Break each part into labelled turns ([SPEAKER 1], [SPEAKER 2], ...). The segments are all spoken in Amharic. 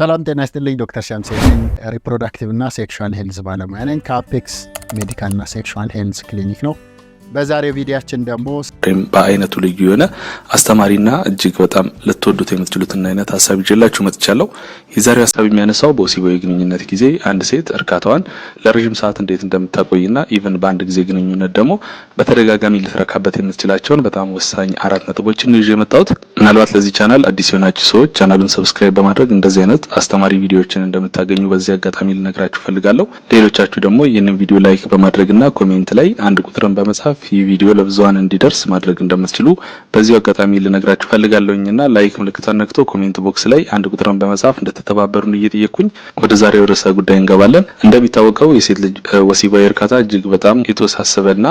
[SPEAKER 1] ሰላም ጤና ይስጥልኝ። ዶክተር ሸምሴን ሪፕሮዳክቲቭ እና ሴክሹዋል ሄልዝ ባለሙያ ነኝ ከአፔክስ ሜዲካል እና ሴክሹዋል ሄልዝ ክሊኒክ ነው። በዛሬው ቪዲያችን ደግሞ
[SPEAKER 2] በአይነቱ ልዩ የሆነ አስተማሪና እጅግ በጣም ልትወዱት የምትችሉትን አይነት ሀሳብ ይዤላችሁ መጥቻለሁ። የዛሬው ሀሳብ የሚያነሳው በወሲባዊ ግንኙነት ጊዜ አንድ ሴት እርካታዋን ለረዥም ሰዓት እንዴት እንደምታቆይና ኢቨን በአንድ ጊዜ ግንኙነት ደግሞ በተደጋጋሚ ልትረካበት የምትችላቸውን በጣም ወሳኝ አራት ነጥቦችን ይዤ የመጣሁት። ምናልባት ለዚህ ቻናል አዲስ የሆናችሁ ሰዎች ቻናሉን ሰብስክራይብ በማድረግ እንደዚህ አይነት አስተማሪ ቪዲዮዎችን እንደምታገኙ በዚህ አጋጣሚ ልነግራችሁ ፈልጋለሁ። ሌሎቻችሁ ደግሞ ይህንን ቪዲዮ ላይክ በማድረግና ኮሜንት ላይ አንድ ቁጥርን በመጻፍ ይህ ቪዲዮ ለብዙሀን እንዲደርስ ማድረግ እንደምትችሉ በዚሁ አጋጣሚ ልነግራችሁ ፈልጋለሁኝና ላይክ ምልክቷን ነክቶ ኮሜንት ቦክስ ላይ አንድ ቁጥርን በመጻፍ እንደተተባበሩን እየጠየቅኩኝ ወደ ዛሬው ርዕሰ ጉዳይ እንገባለን። እንደሚታወቀው የሴት ልጅ ወሲባዊ እርካታ እጅግ በጣም የተወሳሰበና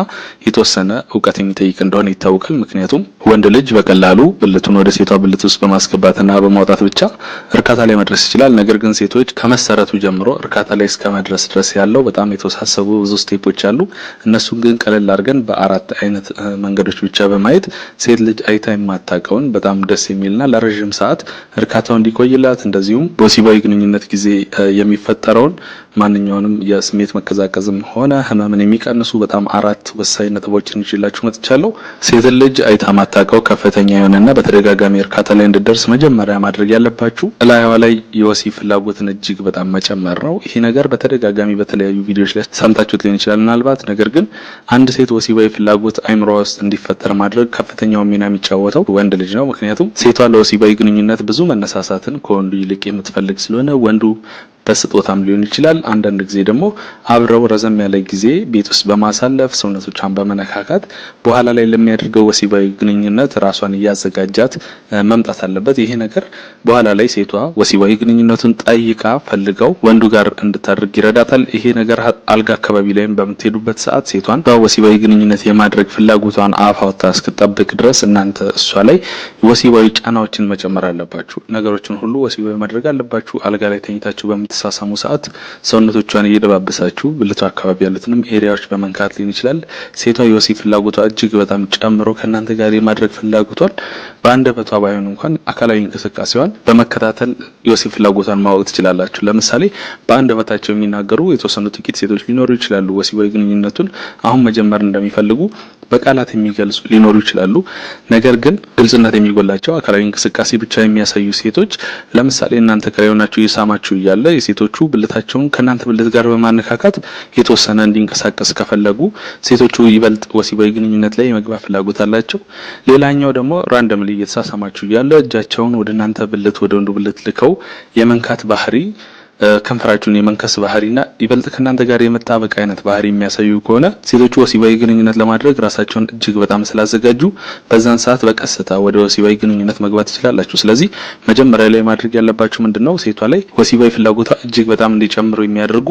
[SPEAKER 2] የተወሰነ እውቀት የሚጠይቅ እንደሆነ ይታወቃል። ምክንያቱም ወንድ ልጅ በቀላሉ ብልቱን ወደ ሴቷ ብልት ውስጥ በማስገባትና በማውጣት ብቻ እርካታ ላይ መድረስ ይችላል። ነገር ግን ሴቶች ከመሰረቱ ጀምሮ እርካታ ላይ እስከ መድረስ ድረስ ያለው በጣም የተወሳሰቡ ብዙ ስቴፖች አሉ። እነሱን ግን ቀለል አድርገን በአራት አይነት መንገዶች ብቻ በማየት ሴት ልጅ አይታ የማታውቀውን በጣም ደስ የሚልና ለረዥም ሰዓት እርካታው እንዲቆይላት እንደዚሁም በወሲባዊ ግንኙነት ጊዜ የሚፈጠረውን ማንኛውንም የስሜት መቀዛቀዝም ሆነ ህመምን የሚቀንሱ በጣም አራት ወሳኝ ነጥቦችን ይዤላችሁ መጥቻለሁ። ሴት ልጅ አይታ ማታውቀው ከፍተኛ የሆነና በተደጋጋሚ እርካታ ላይ እንድደርስ መጀመሪያ ማድረግ ያለባችሁ እላይዋ ላይ የወሲብ ፍላጎትን እጅግ በጣም መጨመር ነው። ይሄ ነገር በተደጋጋሚ በተለያዩ ቪዲዮዎች ላይ ሰምታችሁት ሊሆን ይችላል ምናልባት። ነገር ግን አንድ ሴት ወሲባዊ ፍላጎት አይምሮ ውስጥ እንዲፈ እንዳይፈጠር ማድረግ ከፍተኛው ሚና የሚጫወተው ወንድ ልጅ ነው። ምክንያቱም ሴቷ ለወሲባዊ ግንኙነት ብዙ መነሳሳትን ከወንዱ ይልቅ የምትፈልግ ስለሆነ ወንዱ በስጦታም ሊሆን ይችላል። አንዳንድ ጊዜ ደግሞ አብረው ረዘም ያለ ጊዜ ቤት ውስጥ በማሳለፍ ሰውነቶቿን በመነካካት በኋላ ላይ ለሚያደርገው ወሲባዊ ግንኙነት ራሷን እያዘጋጃት መምጣት አለበት። ይሄ ነገር በኋላ ላይ ሴቷ ወሲባዊ ግንኙነቱን ጠይቃ ፈልገው ወንዱ ጋር እንድታደርግ ይረዳታል። ይሄ ነገር አልጋ አካባቢ ላይም በምትሄዱበት ሰዓት ሴቷን በወሲባዊ ግንኙነት የማድረግ ፍላጎቷን አፋውታ እስክጠብቅ ድረስ እናንተ እሷ ላይ ወሲባዊ ጫናዎችን መጨመር አለባችሁ። ነገሮችን ሁሉ ወሲባዊ ማድረግ አለባችሁ። አልጋ ላይ ተኝታችሁ በምት በምትሳሳሙ ሰዓት ሰውነቶቿን እየደባበሳችሁ ብልቷ አካባቢ ያሉትንም ኤሪያዎች በመንካት ሊሆን ይችላል። ሴቷ የወሲብ ፍላጎቷ እጅግ በጣም ጨምሮ ከእናንተ ጋር የማድረግ ፍላጎቷን በአንደበቷ ባይሆን እንኳን አካላዊ እንቅስቃሴዋን በመከታተል የወሲብ ፍላጎቷን ማወቅ ትችላላችሁ። ለምሳሌ በአንደበታቸው የሚናገሩ የተወሰኑ ጥቂት ሴቶች ሊኖሩ ይችላሉ። ወሲባዊ ግንኙነቱን አሁን መጀመር እንደሚፈልጉ በቃላት የሚገልጹ ሊኖሩ ይችላሉ። ነገር ግን ግልጽነት የሚጎላቸው አካላዊ እንቅስቃሴ ብቻ የሚያሳዩ ሴቶች ለምሳሌ እናንተ ሆናችሁ እየሳማችሁ እያለ የሴቶቹ ብልታቸውን ከእናንተ ብልት ጋር በማነካካት የተወሰነ እንዲንቀሳቀስ ከፈለጉ ሴቶቹ ይበልጥ ወሲባዊ ግንኙነት ላይ የመግባት ፍላጎት አላቸው። ሌላኛው ደግሞ ራንደምሊ እየተሳሳማችሁ እያለ እጃቸውን ወደ እናንተ ብልት ወደ ወንዱ ብልት ልከው የመንካት ባህሪ ከንፈራችሁን የመንከስ ባህሪና ይበልጥ ከእናንተ ጋር የመጣበቅ አይነት ባህሪ የሚያሳዩ ከሆነ ሴቶቹ ወሲባዊ ግንኙነት ለማድረግ ራሳቸውን እጅግ በጣም ስላዘጋጁ በዛን ሰዓት በቀስታ ወደ ወሲባዊ ግንኙነት መግባት ይችላላችሁ። ስለዚህ መጀመሪያ ላይ ማድረግ ያለባችሁ ምንድነው? ሴቷ ላይ ወሲባዊ ፍላጎቷ እጅግ በጣም እንዲጨምሩ የሚያደርጉ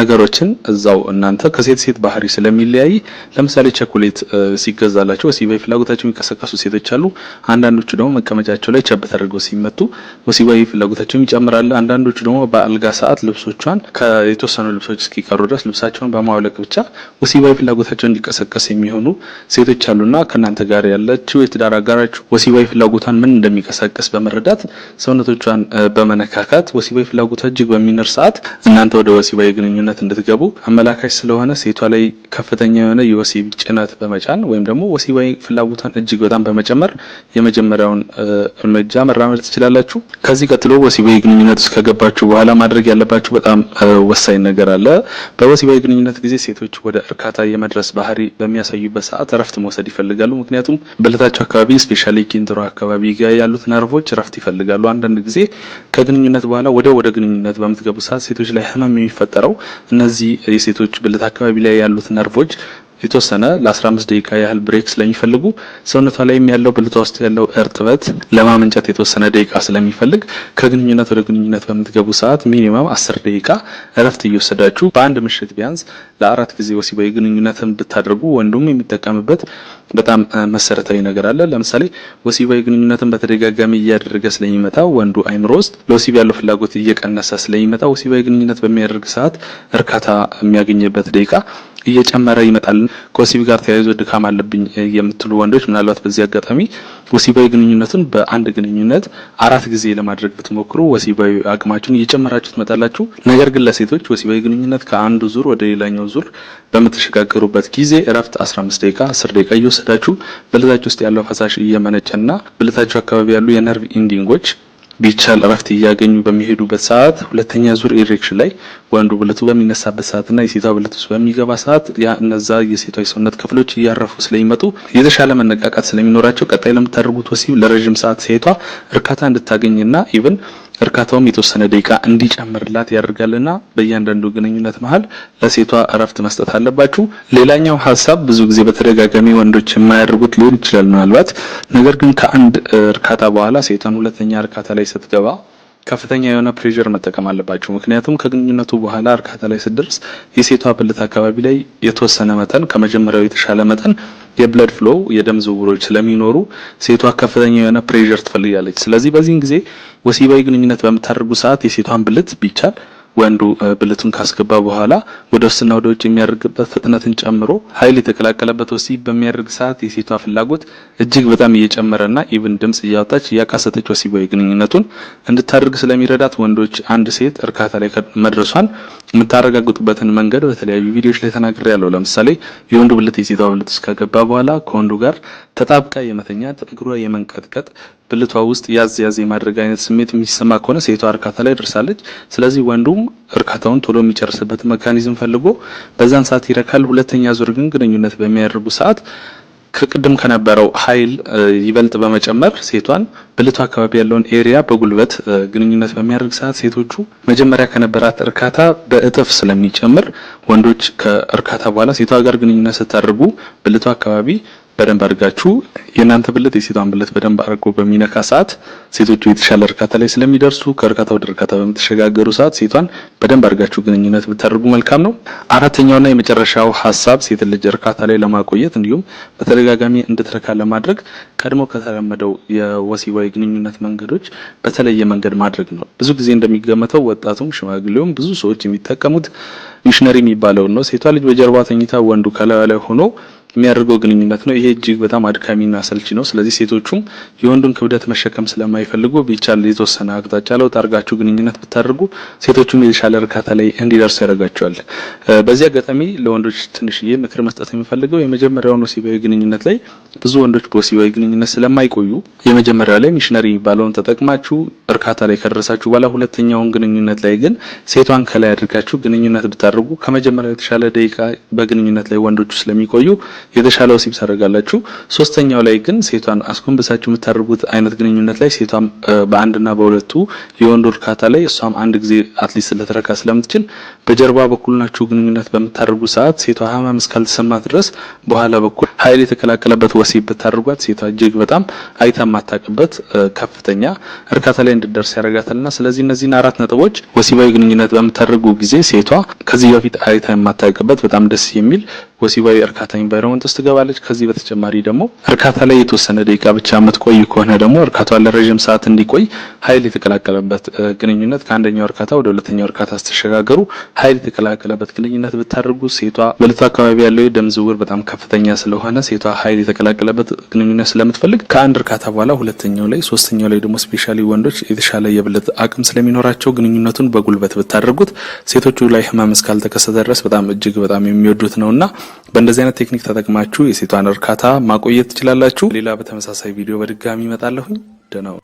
[SPEAKER 2] ነገሮችን እዛው እናንተ ከሴት ሴት ባህሪ ስለሚለያይ ለምሳሌ ቸኮሌት ሲገዛላቸው ወሲባዊ ፍላጎታቸው የሚቀሰቀሱ ሴቶች አሉ። አንዳንዶቹ ደግሞ መቀመጫቸው ላይ ቸብ ተደርገው ሲመቱ ወሲባዊ ፍላጎታቸው ይጨምራል። አንዳንዶቹ ደግሞ በአልጋ በጋ ሰዓት ልብሶቿን የተወሰኑ ልብሶች እስኪቀሩ ድረስ ልብሳቸውን በማውለቅ ብቻ ወሲባዊ ፍላጎታቸው እንዲቀሰቀስ የሚሆኑ ሴቶች አሉና ከእናንተ ጋር ያለችው የትዳር አጋራችሁ ወሲባዊ ፍላጎቷን ምን እንደሚቀሰቀስ በመረዳት ሰውነቶቿን በመነካካት ወሲባዊ ፍላጎቷ እጅግ በሚንር ሰዓት እናንተ ወደ ወሲባዊ ግንኙነት እንድትገቡ አመላካች ስለሆነ ሴቷ ላይ ከፍተኛ የሆነ የወሲብ ጭነት በመጫን ወይም ደግሞ ወሲባዊ ፍላጎቷን እጅግ በጣም በመጨመር የመጀመሪያውን እርምጃ መራመድ ትችላላችሁ። ከዚህ ቀጥሎ ወሲባዊ ግንኙነት ውስጥ ከገባችሁ በኋላ ማድረግ ማድረግ ያለባችሁ በጣም ወሳኝ ነገር አለ። በወሲባዊ ግንኙነት ጊዜ ሴቶች ወደ እርካታ የመድረስ ባህሪ በሚያሳዩበት ሰዓት እረፍት መውሰድ ይፈልጋሉ። ምክንያቱም በለታቸው አካባቢ ስፔሻሊ ኪንትሮ አካባቢ ጋር ያሉት ነርቮች እረፍት ይፈልጋሉ። አንዳንድ ጊዜ ከግንኙነት በኋላ ወደ ወደ ግንኙነት በምትገቡ ሰዓት ሴቶች ላይ ህመም የሚፈጠረው እነዚህ የሴቶች ብልት አካባቢ ላይ ያሉት ነርቮች የተወሰነ ለ15 ደቂቃ ያህል ብሬክ ስለሚፈልጉ ሰውነቷ ላይም ያለው ብልቷ ውስጥ ያለው እርጥበት ለማመንጨት የተወሰነ ደቂቃ ስለሚፈልግ ከግንኙነት ወደ ግንኙነት በምትገቡ ሰዓት ሚኒማም 10 ደቂቃ እረፍት እየወሰዳችሁ በአንድ ምሽት ቢያንስ ለአራት ጊዜ ወሲባዊ ግንኙነትን ብታደርጉ ወንዱም የሚጠቀምበት በጣም መሰረታዊ ነገር አለ። ለምሳሌ ወሲባዊ ግንኙነትን በተደጋጋሚ እያደረገ ስለሚመጣ ወንዱ አይምሮ ውስጥ ለወሲብ ያለው ፍላጎት እየቀነሰ ስለሚመጣ ወሲባዊ ግንኙነት በሚያደርግ ሰዓት እርካታ የሚያገኝበት ደቂቃ እየጨመረ ይመጣል። ከወሲብ ጋር ተያይዞ ድካም አለብኝ የምትሉ ወንዶች ምናልባት በዚህ አጋጣሚ ወሲባዊ ግንኙነቱን በአንድ ግንኙነት አራት ጊዜ ለማድረግ ብትሞክሩ ወሲባዊ አቅማችሁን እየጨመራችሁ ትመጣላችሁ። ነገር ግን ለሴቶች ወሲባዊ ግንኙነት ከአንዱ ዙር ወደ ሌላኛው ዙር በምትሸጋገሩበት ጊዜ እረፍት 15 ደቂቃ፣ 10 ደቂቃ እየወሰዳችሁ ብልታችሁ ውስጥ ያለው ፈሳሽ እየመነጨና ብልታችሁ አካባቢ ያሉ የነርቭ ኢንዲንጎች ቢቻል እረፍት እያገኙ በሚሄዱበት ሰዓት ሁለተኛ ዙር ኢሬክሽን ላይ ወንዱ ብልቱ በሚነሳበት እና የሴቷ ብልት ውስጥ በሚገባ ሰዓት ያ እነዛ የሴቷ የሰውነት ክፍሎች እያረፉ ስለሚመጡ የተሻለ መነቃቃት ስለሚኖራቸው ቀጣይ ለምታደርጉት ወሲብ ለረዥም ሰዓት ሴቷ እርካታ እንድታገኝና ኢቭን እርካታውም የተወሰነ ደቂቃ እንዲጨምርላት ያደርጋልና በእያንዳንዱ ግንኙነት መሀል ለሴቷ እረፍት መስጠት አለባችሁ። ሌላኛው ሀሳብ ብዙ ጊዜ በተደጋጋሚ ወንዶች የማያደርጉት ሊሆን ይችላል ምናልባት ነገር ግን ከአንድ እርካታ በኋላ ሴቷን ሁለተኛ እርካታ ላይ ስትገባ ከፍተኛ የሆነ ፕሬዥር መጠቀም አለባቸው። ምክንያቱም ከግንኙነቱ በኋላ እርካታ ላይ ስትደርስ የሴቷ ብልት አካባቢ ላይ የተወሰነ መጠን ከመጀመሪያው የተሻለ መጠን የብለድ ፍሎ የደም ዝውውሮች ስለሚኖሩ ሴቷ ከፍተኛ የሆነ ፕሬዠር ትፈልጋለች። ስለዚህ በዚህን ጊዜ ወሲባዊ ግንኙነት በምታደርጉ ሰዓት የሴቷን ብልት ቢቻል ወንዱ ብልቱን ካስገባ በኋላ ወደ ውስጥና ወደ ውጭ የሚያደርግበት ፍጥነትን ጨምሮ ኃይል የተቀላቀለበት ወሲብ በሚያደርግ ሰዓት የሴቷ ፍላጎት እጅግ በጣም እየጨመረና ኢቭን ድምጽ እያወጣች እያቃሰተች ወሲባዊ ግንኙነቱን እንድታደርግ ስለሚረዳት ወንዶች አንድ ሴት እርካታ ላይ መድረሷን የምታረጋግጡበትን መንገድ በተለያዩ ቪዲዮዎች ላይ ተናግሬ ያለው። ለምሳሌ የወንዱ ብልት የሴቷ ብልት ውስጥ ከገባ በኋላ ከወንዱ ጋር ተጣብቃ የመተኛት፣ እግሯ የመንቀጥቀጥ፣ ብልቷ ውስጥ ያዝ ያዝ የማድረግ አይነት ስሜት የሚሰማ ከሆነ ሴቷ እርካታ ላይ ደርሳለች። ስለዚህ ወንዱም እርካታውን ቶሎ የሚጨርስበት መካኒዝም ፈልጎ በዛን ሰዓት ይረካል። ሁለተኛ ዙር ግን ግንኙነት በሚያደርጉ ሰዓት ከቅድም ከነበረው ኃይል ይበልጥ በመጨመር ሴቷን ብልቷ አካባቢ ያለውን ኤሪያ በጉልበት ግንኙነት በሚያደርግ ሰዓት ሴቶቹ መጀመሪያ ከነበራት እርካታ በእጥፍ ስለሚጨምር ወንዶች ከእርካታ በኋላ ሴቷ ጋር ግንኙነት ስታደርጉ ብልቷ አካባቢ በደንብ አድርጋችሁ የእናንተ ብልት የሴቷን ብልት በደንብ አድርጎ በሚነካ ሰዓት ሴቶቹ የተሻለ እርካታ ላይ ስለሚደርሱ ከእርካታ ወደ እርካታ በምትሸጋገሩ ሰዓት ሴቷን በደንብ አድርጋችሁ ግንኙነት ብታደርጉ መልካም ነው። አራተኛውና የመጨረሻው ሀሳብ ሴት ልጅ እርካታ ላይ ለማቆየት እንዲሁም በተደጋጋሚ እንድትረካ ለማድረግ ቀድሞ ከተለመደው የወሲባዊ ግንኙነት መንገዶች በተለየ መንገድ ማድረግ ነው። ብዙ ጊዜ እንደሚገመተው ወጣቱም ሽማግሌውም ብዙ ሰዎች የሚጠቀሙት ሚሽነሪ የሚባለውን ነው። ሴቷ ልጅ በጀርባ ተኝታ ወንዱ ከላዩ ላይ ሆኖ የሚያደርገው ግንኙነት ነው። ይሄ እጅግ በጣም አድካሚና ሰልቺ ነው። ስለዚህ ሴቶቹም የወንዱን ክብደት መሸከም ስለማይፈልጉ ቢቻል የተወሰነ አቅጣጫ ለውጥ አድርጋችሁ ግንኙነት ብታደርጉ ሴቶቹም የተሻለ እርካታ ላይ እንዲደርሱ ያደርጋቸዋል። በዚህ አጋጣሚ ለወንዶች ትንሽዬ ምክር መስጠት የሚፈልገው የመጀመሪያውን ወሲባዊ ግንኙነት ላይ ብዙ ወንዶች በወሲባዊ ግንኙነት ስለማይቆዩ የመጀመሪያው ላይ ሚሽነሪ የሚባለውን ተጠቅማችሁ እርካታ ላይ ከደረሳችሁ በኋላ ሁለተኛውን ግንኙነት ላይ ግን ሴቷን ከላይ አድርጋችሁ ግንኙነት ብታደርጉ ከመጀመሪያው የተሻለ ደቂቃ በግንኙነት ላይ ወንዶቹ ስለሚቆዩ የተሻለ ወሲብ ታደርጋላችሁ። ሶስተኛው ላይ ግን ሴቷን አስጎንብሳችሁ የምታደርጉት አይነት ግንኙነት ላይ ሴቷም በአንድና በሁለቱ የወንድ እርካታ ላይ እሷም አንድ ጊዜ አትሊስት ልትረካ ስለምትችል በጀርባ በኩል ናችሁ ግንኙነት በምታደርጉ ሰዓት ሴቷ ህመም እስካልተሰማት ድረስ በኋላ በኩል ኃይል የተቀላቀለበት ወሲብ ብታደርጓት ሴቷ እጅግ በጣም አይታ የማታውቅበት ከፍተኛ እርካታ ላይ እንድደርስ ያደርጋታልና ስለዚህ እነዚህን አራት ነጥቦች ወሲባዊ ግንኙነት በምታደርጉ ጊዜ ሴቷ ከዚህ በፊት አይታ የማታውቅበት በጣም ደስ የሚል ወሲባዊ እርካታ ኢንቫይሮመንት ዳይመንድ ውስጥ ትገባለች። ከዚህ በተጨማሪ ደግሞ እርካታ ላይ የተወሰነ ደቂቃ ብቻ የምትቆይ ከሆነ ደግሞ እርካቷ ለረዥም ሰዓት እንዲቆይ ኃይል የተቀላቀለበት ግንኙነት ከአንደኛው እርካታ ወደ ሁለተኛው እርካታ ስትሸጋገሩ ኃይል የተቀላቀለበት ግንኙነት ብታደርጉ ሴቷ በልቱ አካባቢ ያለው የደም ዝውውር በጣም ከፍተኛ ስለሆነ ሴቷ ኃይል የተቀላቀለበት ግንኙነት ስለምትፈልግ ከአንድ እርካታ በኋላ ሁለተኛው ላይ ሶስተኛው ላይ ደግሞ ስፔሻሊ ወንዶች የተሻለ የብልት አቅም ስለሚኖራቸው ግንኙነቱን በጉልበት ብታደርጉት ሴቶቹ ላይ ህመም እስካልተከሰተ ድረስ በጣም እጅግ በጣም የሚወዱት ነውና በእንደዚህ አይነት ቴክኒክ ተጠቅማችሁ የሴቷን እርካታ ማቆየት ትችላላችሁ። ሌላ በተመሳሳይ ቪዲዮ በድጋሚ ይመጣለሁኝ። ደህና